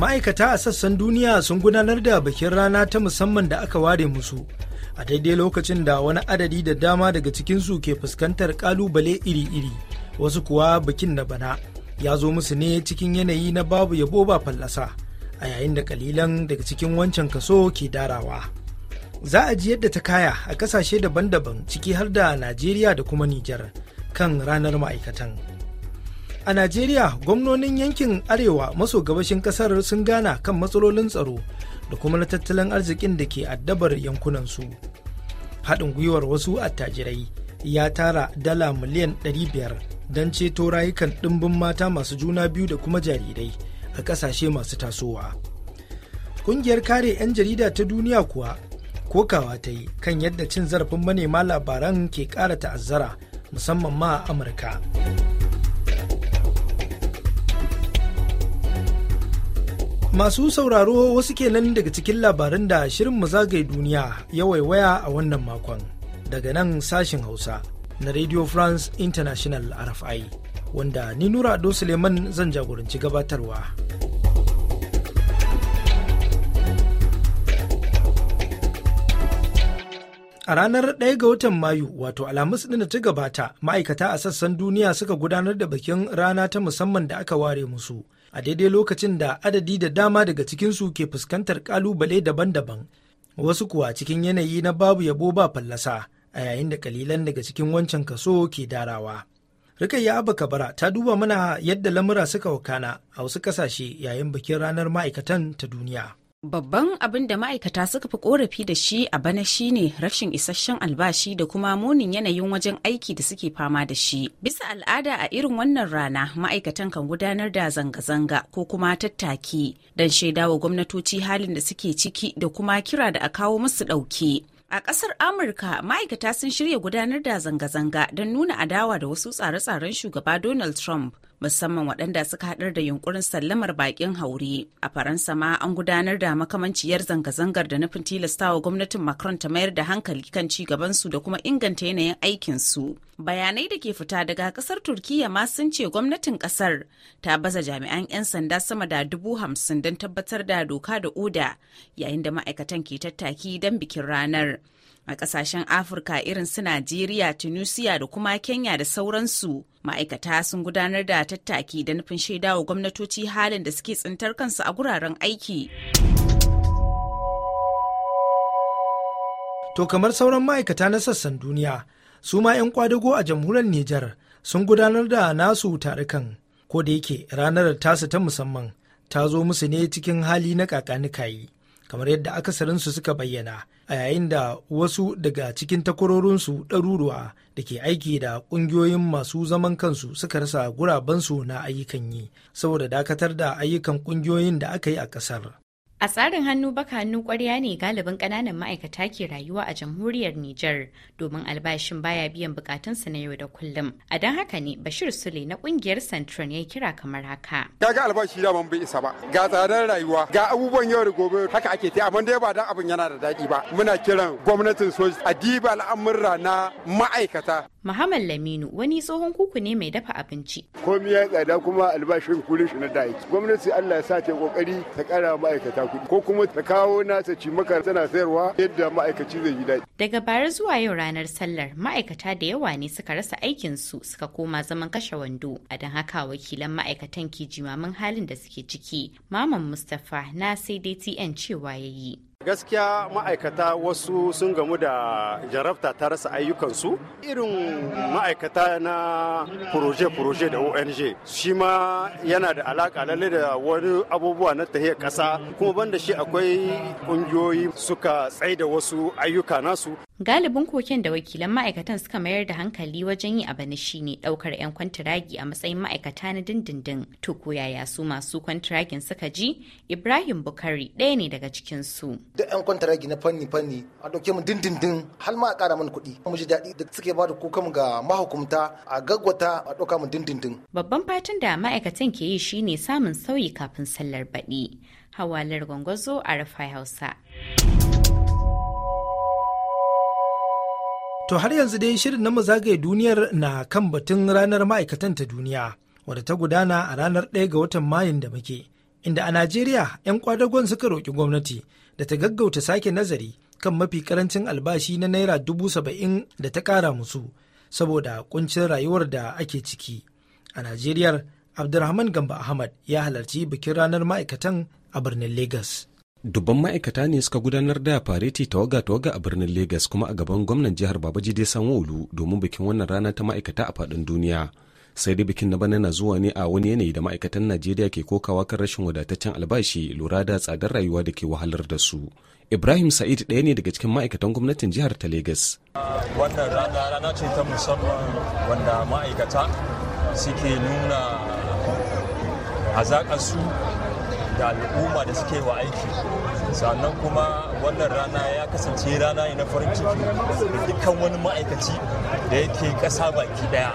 ma'aikata a sassan duniya sun gudanar da bikin rana ta musamman da aka ware musu a daidai lokacin da wani adadi da dama daga cikinsu ke fuskantar kalubale iri-iri wasu kuwa bikin na bana ya zo musu ne cikin yanayi na babu yabo ba fallasa a yayin da kalilan daga cikin wancan kaso ke darawa za a ji yadda ta kaya a kasashe daban-daban ciki har da najeriya da kuma nijar kan ranar ma'aikatan. A Najeriya, gwamnonin yankin Arewa maso gabashin kasar sun gana kan matsalolin tsaro da kuma na tattalin arzikin da ke addabar yankunansu. Haɗin gwiwar wasu attajirai ya tara dala miliyan 500 don ceto rayukan ɗimbin mata masu juna biyu da kuma jarirai a ƙasashe masu tasowa. Ƙungiyar kare 'yan jarida ta duniya kuwa kokawa ta yi kan yadda cin zarafin manema labaran ke ƙara ta'azzara musamman ma a Amurka. Masu sauraro wasu kenan daga cikin labaran da shirin zagaye duniya ya waiwaya a wannan makon daga nan sashin Hausa na Radio France International RFI wanda ni Nura Ado Suleiman zan jagoranci gabatarwa. A ranar 1 ga watan Mayu, wato Alhamis ɗin da ta gabata, ma'aikata a sassan duniya suka gudanar da bikin rana ta musamman da aka ware musu a daidai lokacin da adadi da dama daga cikinsu ke fuskantar kalubale daban-daban wasu kuwa cikin yanayi na babu yabo ba fallasa a yayin da kalilan daga cikin wancan kaso ke darawa. Rikayya abu Kabara ta duba mana yadda lamura suka wakana a wasu kasashe yayin bikin ranar ma'aikatan ta duniya. Babban abin da ma'aikata suka fi korafi da shi a bana shine rashin isasshen albashi da kuma munin yanayin wajen aiki da suke fama da shi. Bisa al'ada a irin wannan rana ma'aikatan kan gudanar da zanga-zanga ko kuma tattaki don shaidawa gwamnatoci halin da suke ciki da kuma kira da a kawo musu ɗauke. A ƙasar Amurka ma'aikata sun shirya gudanar da zanga-zanga don nuna adawa da wasu tsare-tsaren shugaba Donald Trump musamman waɗanda suka haɗar da yunkurin sallamar baƙin haure. A Faransa ma an gudanar da makamanciyar zanga-zangar da nufin tilastawa gwamnatin Macron ta mayar da hankali kan ci gabansu da kuma inganta yanayin aikinsu. Bayanai da ke fita daga ƙasar Turkiyya ma sun ce gwamnatin ƙasar ta baza jami'an 'yan sanda sama da dubu hamsin don tabbatar da doka da oda yayin da ma'aikatan ke tattaki don bikin ranar. a kasashen afirka irin su najeriya tunisia da kuma kenya da sauransu ma'aikata sun gudanar da tattaki da nufin shaidawa gwamnatoci halin da suke tsintar kansu a guraren aiki to kamar sauran ma'aikata na sassan duniya su ma 'yan kwadago a jamhuriyar nijar sun gudanar da nasu tarukan ko da yake ranar tasu ta musamman ta zo musu ne cikin hali na kakanikayi kamar yadda akasarinsu suka bayyana a yayin da wasu daga cikin takwarorinsu ɗaruruwa da ke aiki da ƙungiyoyin masu zaman kansu suka rasa gurabansu na ayyukan yi saboda dakatar da ayyukan ƙungiyoyin da aka yi a ƙasar A tsarin hannu baka hannu kwarya ne galibin kananan ma'aikata ke rayuwa a jamhuriyar Nijar domin albashin baya biyan bukatunsu na yau da kullum. A don haka ne Bashir Sule na kungiyar Santron ya kira kamar haka. Ga ga albashi da bai isa ba, ga tsadar rayuwa, ga abubuwan yau da gobe haka ake ta amma dai ba dan abin yana da daɗi ba. Muna kiran gwamnatin soji a diba al'amurra na ma'aikata Muhammad Laminu wani tsohon kuku ne mai dafa abinci. Komi ya tsada kuma albashin kulin shi na da yake Gwamnati Allah ya sa ta kokari ta kara ma'aikata kuɗi ko kuma ta kawo nata ci maka tana sayarwa yadda ma'aikaci zai yi daɗi. Daga bara zuwa yau ranar sallar ma'aikata da yawa ne suka rasa aikin su suka koma zaman kashe wando. A don haka wakilan ma'aikatan ke jimamin halin da suke ciki. Maman Mustapha na sai dai TN cewa ya yi. gaskiya ma'aikata wasu sun gamu da jarabta ta rasa ayyukansu irin ma'aikata na proje-proje da ong shi ma yana da alaƙa lalle da wani abubuwa na tahiyar kasa kuma banda shi akwai ƙungiyoyi suka tsaida wasu ayyuka nasu Galibin koken da wakilan ma'aikatan suka mayar da hankali wajen yi abu ne daukar 'yan kwantiragi a matsayin ma'aikata na dindindin. To koyaya su masu kwantiragin suka ji? Ibrahim Bukari ɗaya ne daga cikin su. Duk 'yan kwantiragi na fanni fanni a dauke mu dindindin har ma a ƙara mana kuɗi. Mu ji daɗi da suke ba da kukan ga mahukumta a gaggwata a dauka mu dindindin. Babban fatan da ma'aikatan ke yi shine samun sauyi kafin sallar baɗi. Hawalar gwangwazo a Rafai Hausa. To har yanzu dai shirin na zagaye duniyar na kan batun ranar ma'aikatan ta duniya wadda ta gudana a ranar 1 ga watan Mayun da muke, inda a Najeriya 'yan kwadagon suka roƙi gwamnati da ta gaggauta sake nazari kan mafi karancin albashi na naira dubu saba'in da ta ƙara musu saboda kuncin rayuwar da ake ciki. A Najeriyar Abdulrahman Gamba Ahmad ya halarci bikin ranar ma'aikatan a birnin Legas. dubban ma'aikata ne suka gudanar da fareti tawaga-tawaga a birnin Legas kuma a gaban gwamnan jihar Babajide Sanwo-Olu domin bikin wannan rana ta ma'aikata a faɗin duniya. Sai dai bikin na bana na zuwa ne a wani yanayi da ma'aikatan Najeriya ke kokawa kan rashin wadataccen albashi lura da tsadar rayuwa da ke wahalar da su. Ibrahim Sa'id ɗaya ne daga cikin ma'aikatan gwamnatin jihar ta Legas. Wannan rana rana ce ta musamman wanda ma'aikata suke nuna su. da al'umma da suke wa aiki sannan kuma wannan rana ya kasance rana ne na farin ciki da dukkan wani ma'aikaci da yake ƙasa baki ɗaya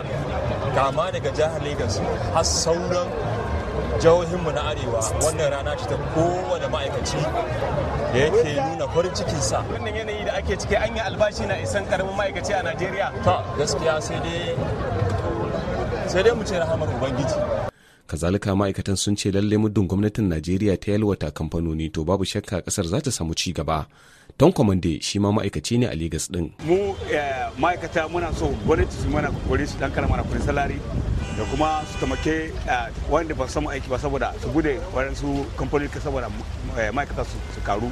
kama daga jihar lagos har sauran jihohinmu na arewa wannan rana ce ta kowane ma'aikaci da yake nuna farin cikinsa wannan yanayi da ake ciki an yi albashi na isan karamin ma'aikaci a najeriya ta gaskiya sai dai sai dai mu ce rahamar ubangiji kazalika ma'aikatan sun ce lallai muddin gwamnatin najeriya ta yalwata kamfanoni to babu shakka kasar za ta samu ci gaba kwamande shi ma ma'aikaci ne a legas din mu eh, ma'aikata muna so gwamnati su mana kokori su dan mana kudin salari da kuma su tamake eh, wanda ba samu aiki ba saboda su gude eh, su kamfanoni saboda ma'aikata su karu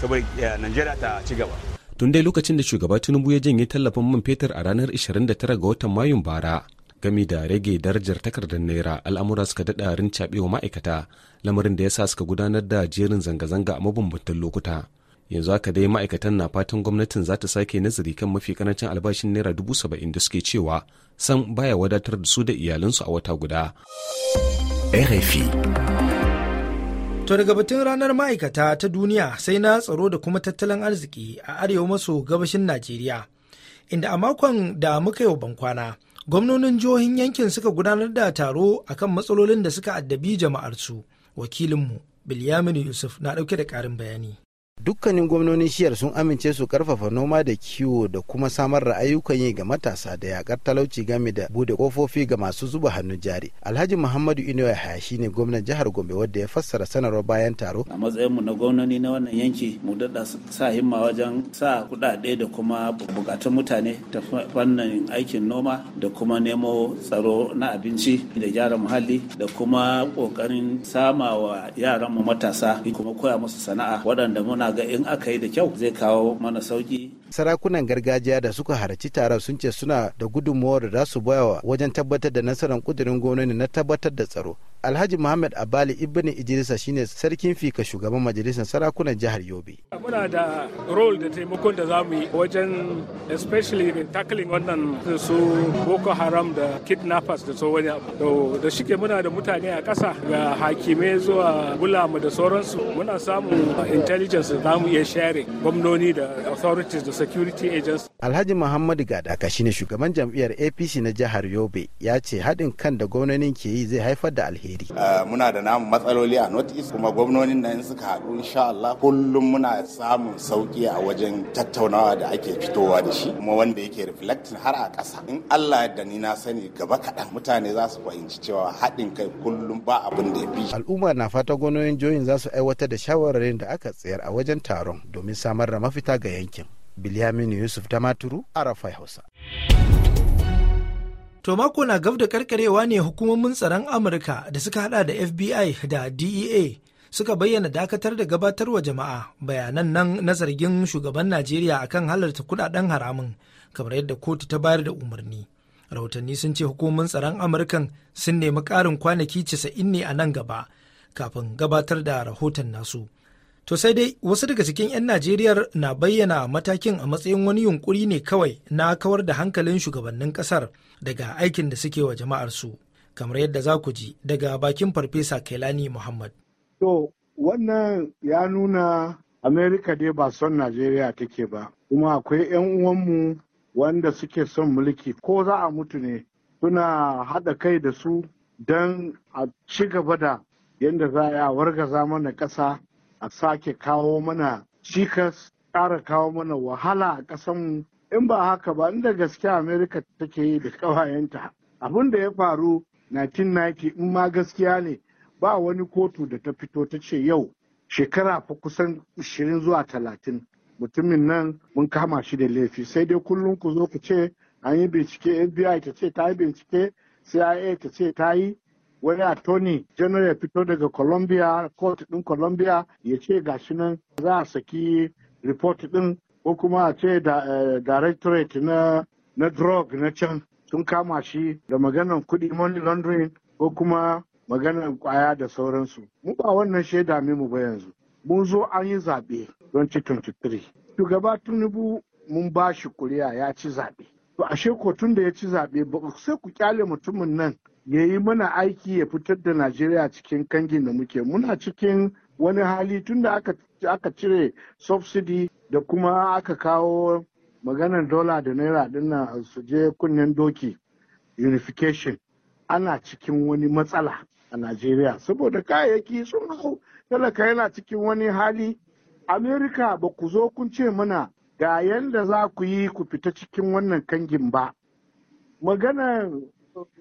saboda najeriya ta ci gaba tun dai lokacin da shugaba tinubu ya janye tallafin man fetur a ranar 29 ga watan mayun bara gami da rage darajar takardar naira al'amura suka daɗa rincaɓewa ma'aikata lamarin da ya sa suka gudanar da jerin zanga-zanga a mabambantan lokuta yanzu haka dai ma'aikatan na fatan gwamnatin za ta sake nazari kan mafi karancin albashin naira dubu saba'in da suke cewa san baya wadatar da su da iyalinsu a wata guda. To daga batun ranar ma'aikata ta duniya sai na tsaro da kuma tattalin arziki a arewa maso gabashin Najeriya, inda a makon da muka yi yau bankwana gwamnonin jihohin yankin suka gudanar da taro akan matsalolin da suka addabi jama'arsu wakilinmu bilyaminu yusuf na ɗauke da ƙarin bayani dukkanin gwamnonin shiyar sun amince su karfafa noma da kiwo da kuma samar da ayyukan yi ga matasa da yakar talauci game da bude kofofi ga masu zuba hannun jari alhaji muhammadu inuwa yahaya shine gwamnan jihar gombe wadda ya fassara sanarwar bayan taro a matsayin mu na gwamnoni na wannan yanki mu dada sa himma wajen sa kudade da kuma bukatun mutane ta fannin aikin noma da kuma nemo tsaro na abinci da gyara muhalli da kuma kokarin sama wa yaranmu matasa kuma koya musu sana'a waɗanda muna ga in aka yi da kyau zai kawo mana sauki sarakunan gargajiya da suka harci taron sun ce suna da gudunmuwar da za su bayawa wajen tabbatar da nasarar kudirin gwamnati na tabbatar da tsaro alhaji muhammad abali ibn idrisa shine sarkin fika shugaban majalisar sarakunan jihar yobe muna da role da taimakon da zamu yi wajen especially in tackling wannan su boko haram da kidnappers da so wani abu da shike muna da mutane a kasa ga hakimai zuwa gulamu da sauransu muna samun intelligence da zamu iya share gwamnoni da authorities da security agents. Alhaji Muhammadu Gadaka shine shugaban jam'iyyar APC na jihar Yobe ya ce haɗin kan da gwamnonin ke yi zai haifar da alheri. Eh, muna da namu matsaloli a North East kuma gwamnonin nan suka haɗu insha Allah kullum muna samun sauki a wajen tattaunawa da ake fitowa da shi kuma wanda yake reflecting har a ƙasa. In Allah da ni na sani gaba kaɗan mutane za su fahimci cewa haɗin kai kullum ba abin da ya fi. Al'umma na fata gwamnonin jihohin za su aiwatar da shawararin da aka tsayar a wajen taron domin samar da mafita ga yankin. Bilyaminu Yusuf a Rafai Hausa. To mako na gab da karkarewa ne hukumomin tsaron Amurka da suka hada da FBI da DEA suka bayyana dakatar da gabatarwa jama'a bayanan nan na zargin shugaban Najeriya akan halarta kudaden haramun kamar yadda kotu ta bayar da umarni. Rahotanni sun ce hukumomin tsaron amurka sun nemi ƙarin kwanaki 90 ne a nan gaba kafin gabatar da rahoton nasu. To sai dai wasu daga cikin 'yan Najeriya na bayyana matakin a matsayin wani yunkuri ne kawai na kawar da hankalin shugabannin kasar daga aikin da suke wa jama'arsu kamar yadda za ku ji daga bakin Farfesa Kailani Muhammad. To wannan ya nuna Amerika dai ba son Najeriya take ba, kuma akwai 'yan uwanmu wanda suke son mulki ko za a mutu ne suna haɗa kai da su don a ci gaba da yadda za a wargaza mana ƙasa a sake kawo mana cikas ƙara kawo mana wahala a ƙasanmu in ba haka ba inda gaske amerika take yi da ƙawayenta abin da ya faru 1990 in ma gaskiya ne ba wani kotu da ta fito ta ce yau shekara fa kusan 20 zuwa 30 mutumin nan mun kama shi da laifi sai dai kullum ku zo ku ce an yi bincike fbi ta ce ta yi bincike cia ta ce ta yi wani a Tony general ya fito daga colombia court din colombia ya ce gashi nan za a saki report din ko kuma a ce eh, directorate na na drug na can sun kama shi da maganar kudi money laundering ko kuma maganar kwaya da sauransu mu ba wannan shaida mu ba yanzu mun zo an yi zaɓe 2023 shugaba tinubu mun ba shi kuriya ya ci zaɓe to ashe kotun da ya ci zaɓe ba sai ku kyale mutumin nan ya yi mana aiki ya fitar da najeriya cikin kangin da muke muna cikin wani hali tunda aka, aka cire subsidy da kuma aka kawo maganar dola da naira dinnan su je kunnen doki unification ana cikin wani matsala a najeriya saboda kayayyaki sun hau talaka yana cikin wani hali amerika ba ku zo kun ce mana ga yanda za ku yi ku fita cikin wannan kangin ba maganar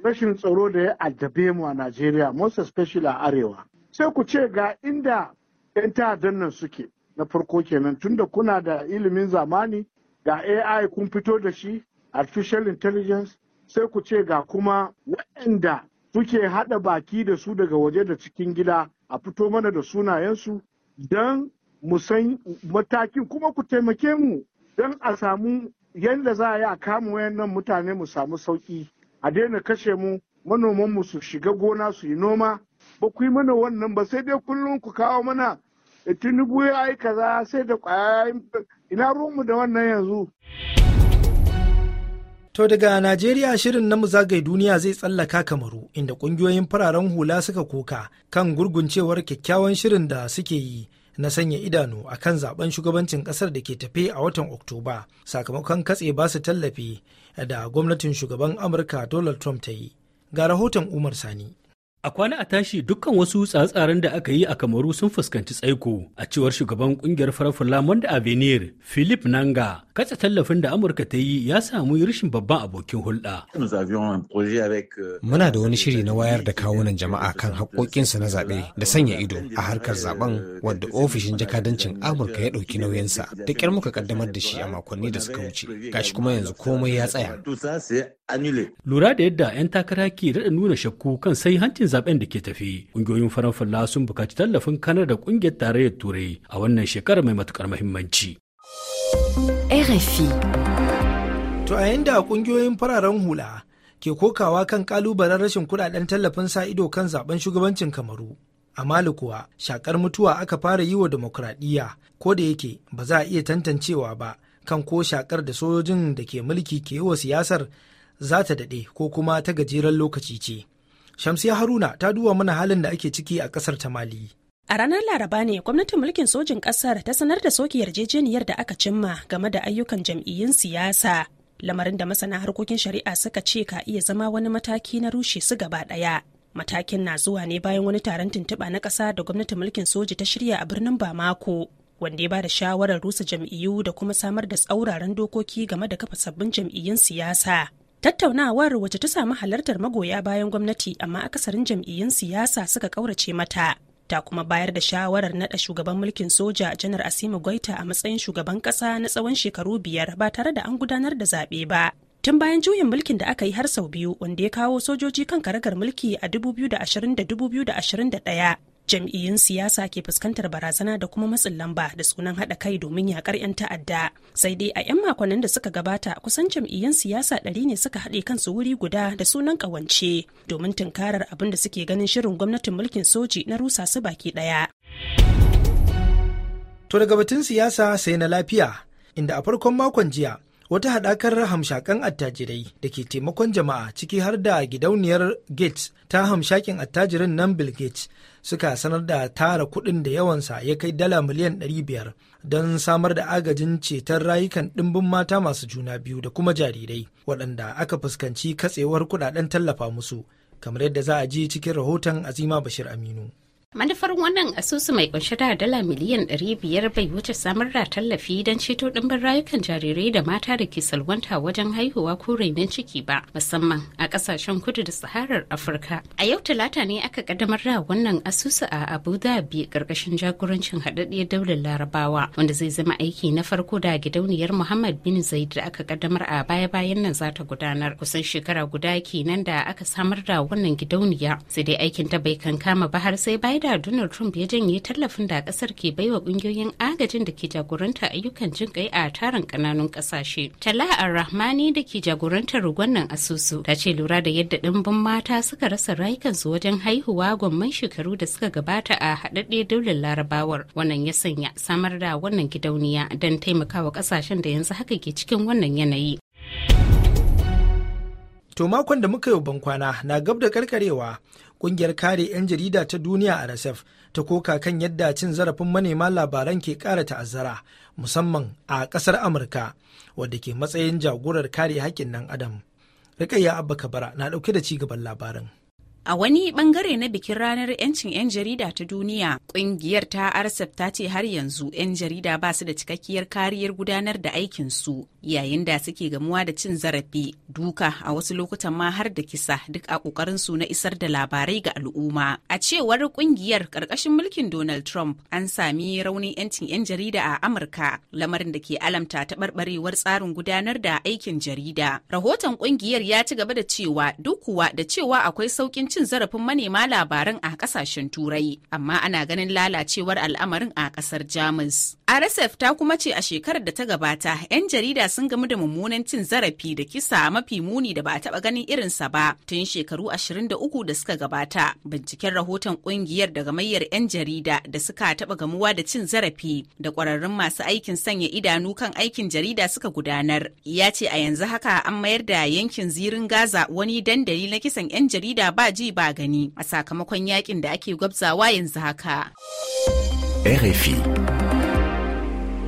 rashin tsaro da ya addabe mu a Najeriya most especially a arewa sai ku ce ga inda 'yan ta'addan nan suke na farko kenan tunda kuna da ilimin zamani ga AI kun fito da shi artificial intelligence sai ku ce ga kuma waɗanda suke haɗa baki da su daga waje da cikin gida a fito mana da sunayensu don mu san matakin kuma ku taimake mu don a samu yadda za a yi a kama wayannan mutane mu samu sauƙi a daina kashe mu manomanmu su shiga gona su yi noma ba ku yi mana wannan ba sai dai kullum ku kawo mana eh, tinubu ya yi kaza sai da kwaya ina mu da wannan yanzu. To daga Najeriya shirin na zagaye duniya zai tsallaka kamaru inda ƙungiyoyin fararen hula suka koka kan gurguncewar kyakkyawan shirin da suke yi na sanya idanu a kan zaben shugabancin kasar da ke tafe a watan oktoba sakamakon katse ba su tallafi da gwamnatin shugaban amurka donald trump ta yi ga rahoton umar sani A kwana a tashi dukkan wasu tsare da aka yi a Kamaru sun fuskanci tsaiko a cewar shugaban kungiyar da Monde Avenir Philip Nanga katsa tallafin da Amurka ta yi ya samu rashin babban abokin hulɗa. Euh, Muna da wani shiri na wayar da kawunan jama'a kan haƙoƙinsu na zaɓe da sanya ido a harkar zaɓen wadda ofishin jakadancin Amurka ya ɗauki nauyinsa da ƙyar muka ƙaddamar da shi a makonni da suka wuce gashi kuma yanzu komai ya tsaya. Lura da yadda 'yan takara ke daɗa nuna shakku kan sai hancin zaben da ke tafi kungiyoyin farar fulla sun bukaci tallafin kanar da kungiyar tarayyar turai a wannan shekarar mai matuƙar muhimmanci. To a yanda ƙungiyoyin fararen hula ke kokawa kan kalubalen rashin kudaden tallafin sa ido kan zaben shugabancin kamaru a kuwa shakar mutuwa aka fara yi wa demokradiyya ko da yake ba za a iya tantancewa ba kan ko shakar da sojojin da ke mulki ke yi wa siyasar za ta daɗe ko kuma ta gajeren lokaci ce Shamsiya Haruna ta duba mana halin da ake ciki a kasar ta Mali. A ranar Laraba ne gwamnatin mulkin sojin kasar ta sanar da soke yarjejeniyar da aka cimma game da ayyukan jam'iyyun siyasa. Lamarin da masana harkokin shari'a suka ce ka iya zama wani mataki na rushe su gaba ɗaya. Matakin na zuwa ne bayan wani taron tuntuɓa na ƙasa da gwamnatin mulkin soji ta shirya a birnin Bamako. wanda ya ba da shawarar rusa jam'iyyu da kuma samar da tsauraran dokoki game da kafa sabbin jam'iyyun siyasa tattaunawar wacce ta samu halartar magoya bayan gwamnati amma akasarin jam'iyyun siyasa suka kaurace mata ta kuma bayar da shawarar naɗa shugaban mulkin soja janar asima gwaita a matsayin shugaban ƙasa na tsawon shekaru biyar ba tare da an gudanar da zaɓe ba tun bayan juyin mulkin da aka yi har sau biyu wanda ya kawo sojoji kan karagar mulki a 2020-2021 jam'iyyun siyasa ke fuskantar barazana da kuma matsin lamba da sunan haɗa kai domin yakar 'yan ta'adda sai dai a 'yan makonnin da suka gabata kusan jam'iyyun siyasa ɗari ne suka haɗe kansu wuri guda da sunan ƙawance domin tunkarar abin da suke ganin shirin gwamnatin mulkin soji na rusa su baki ɗaya. To daga batun siyasa sai na lafiya inda a farkon makon jiya wata haɗakar hamshakan attajirai da ke taimakon jama'a ciki har da gidauniyar gates ta hamshakin attajirin nan bill gates suka sanar da tara kuɗin da yawansa ya kai dala miliyan 500 don samar da agajin ceton rayukan ɗimbin mata masu juna biyu da kuma jarirai waɗanda aka fuskanci katsewar kuɗaɗen tallafa musu kamar yadda za a ji cikin rahoton azima bashir aminu manufar wannan asusu mai kunshe da dala miliyan 500 bai wuce samar da tallafi don ceto dimbin rayukan jarirai da mata da ke salwanta wajen haihuwa ko rainon ciki ba musamman a kasashen kudu da saharar afirka a yau talata ne aka kaddamar da wannan asusu a abu dhabi karkashin jagorancin haɗaɗɗiyar daular larabawa wanda zai zama aiki na farko da gidauniyar muhammad bin zaid da aka kaddamar a baya bayan nan za ta gudanar kusan shekara guda kenan da aka samar da wannan gidauniya sai dai aikin ta bai kankama ba har sai bayan da donald trump ya janye tallafin da kasar ke baiwa kungiyoyin agajin da ke jagoranta ayyukan jin kai a tarin kananun kasashe ar rahmani da ke jagorantar wannan asusu ta ce lura da yadda dimbin mata suka rasa rayukansu wajen haihuwa gwamman shekaru da suka gabata a haɗaɗɗe daular larabawar wannan ya sanya samar da wannan gidauniya don taimakawa kasashen da yanzu haka ke cikin wannan yanayi To makon da muka yi bankwana na gab da karkarewa Ƙungiyar kare 'yan jarida ta duniya a RSF ta koka kan yadda cin zarafin manema labaran ke ƙara ta'azzara musamman a ƙasar Amurka wadda ke matsayin jagorar kare haƙƙin nan adam. Rikayya Abba Kabara na ɗauke da ci gaban labarin. A wani bangare na bikin ranar 'yancin 'yan jarida ta duniya, kungiyar ta RSF ta ce har yanzu 'yan jarida ba su da cikakkiyar kariyar gudanar da aikinsu yayin da suke gamuwa da cin zarafi, duka a wasu lokutan ma har da kisa duk a kokarin su na isar da labarai ga al'umma. A cewar kungiyar ƙarƙashin mulkin Donald Trump an sami raunin 'yancin 'yan jarida a Amurka, lamarin da ke alamta taɓarɓarewar tsarin gudanar da aikin jarida. Rahoton kungiyar ya ci gaba da cewa duk kuwa da cewa akwai sauƙin cin zarafin manema labarin a kasashen turai amma ana ganin lalacewar al'amarin a kasar jamus rsf ta kuma ce a shekarar da ta gabata 'yan jarida sun gamu da mummunan cin zarafi da kisa mafi muni da ba a taba ganin irinsa ba tun shekaru 23 da suka gabata binciken rahoton kungiyar da gamayyar 'yan jarida da suka taba gamuwa da cin zarafi da kwararrun masu aikin sanya idanu kan aikin jarida suka gudanar ya ce a yanzu haka an mayar da yankin zirin gaza wani dandali na kisan 'yan jarida ba ji ji ba gani a sakamakon yakin da ake gwabzawa yanzu haka. RFI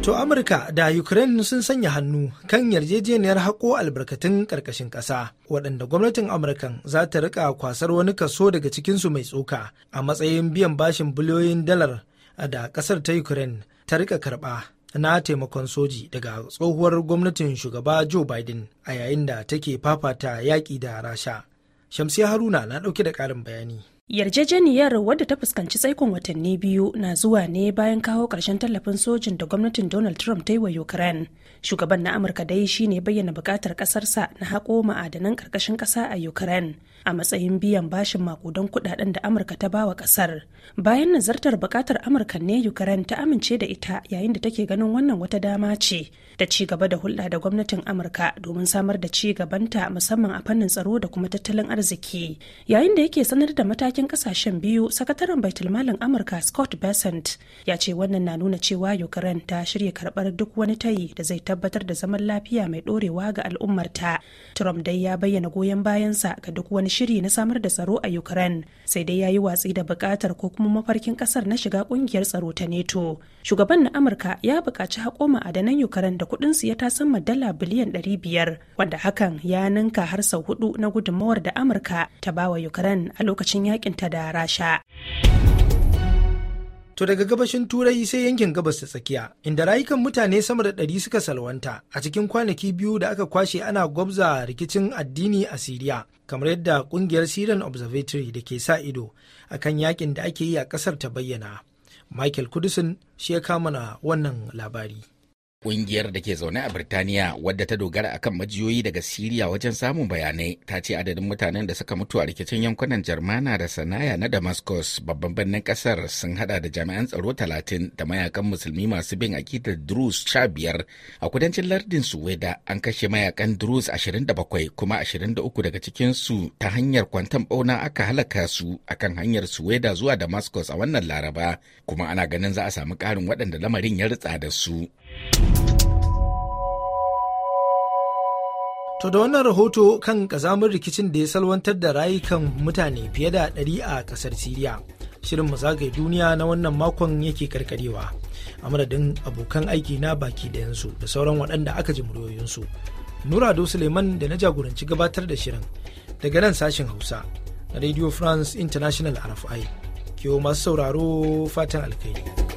To Amurka da Ukraine sun sanya hannu kan yarjejeniyar haƙo albarkatun ƙarƙashin ƙasa, waɗanda gwamnatin Amurkan za ta riƙa kwasar wani kaso daga cikinsu mai tsoka a matsayin biyan bashin biliyoyin dalar da ƙasar ta Ukraine ta riƙa karɓa. na taimakon soji daga tsohuwar gwamnatin shugaba Joe Biden a yayin da take fafata yaƙi da Rasha. Shamsiya Haruna na ɗauke da ƙarin bayani. Yarjejeniyar wadda ta fuskanci tsaikon watanni biyu na zuwa ne bayan kawo ƙarshen tallafin sojin da gwamnatin Donald Trump ta yi wa Ukraine. Shugaban na Amurka dai shine bayyana buƙatar ƙasarsa na haƙo ma'adanan ƙarƙashin ƙasa a Ukraine. a matsayin biyan bashin makudan kudaden da amurka ta bawa kasar bayan nazartar bukatar amurka ne ukraine ta amince da ita yayin da take ganin wannan wata dama ce da ci gaba da hulɗa da gwamnatin amurka domin samar da ci gabanta musamman a fannin tsaro da kuma tattalin arziki yayin da yake sanar da matakin kasashen biyu sakataren baitulmalin amurka scott bessent ya ce wannan na nuna cewa ukraine ta shirya karbar duk wani tayi da zai tabbatar da zaman lafiya mai dorewa ga al'ummarta trump dai ya bayyana goyon bayansa ga duk wani shiri na samar da tsaro a Ukraine sai dai ya yi watsi da bukatar ko kuma mafarkin kasar na shiga kungiyar tsaro ta NATO. Shugaban na Amurka ya bukaci a ma'adanan Ukraine da kuɗin su ya tasamma dala biliyan 500 wanda hakan ya ninka har sau hudu na gudunmawar da Amurka ta bawa Ukraine a lokacin yakin ta da Rasha. To daga gabashin Turai sai yankin gabas ta tsakiya, inda rayukan mutane sama da ɗari suka salwanta a cikin kwanaki biyu da aka kwashe ana gwabza rikicin addini a Siriya, kamar yadda ƙungiyar Syrian Observatory da ke sa ido a kan yakin da ake yi a ƙasar ta bayyana. Michael Kudusin shi ya kama na wannan labari. Ƙungiyar da ke zaune a Birtaniya wadda ta dogara akan majiyoyi daga Siriya wajen samun bayanai ta ce adadin mutanen da suka mutu a rikicin yankunan Jarmana da Sanaya na Damascus babban birnin kasar sun hada da jami'an tsaro 30 da mayakan musulmi masu bin akidar Druze 15 a kudancin lardin Suweda an kashe mayakan Druze 27 kuma 23 daga cikin su ta hanyar kwantan bauna aka halaka su akan hanyar Suweda zuwa Damascus a wannan Laraba kuma ana ganin za a samu ƙarin waɗanda lamarin ya ritsa da su. To da wannan rahoto kan kazamin rikicin da ya salwantar da rayukan mutane fiye da ɗari a ƙasar Siriya. Shirin zagaye duniya na wannan makon yake karkarewa. A madadin abokan aiki na baki da yanzu da sauran waɗanda aka ji muryoyinsu. Nurado Suleiman da na jagoranci gabatar da shirin daga nan sashen Hausa na Radio France International RFI. Kiyo masu sauraro fatan alkhairi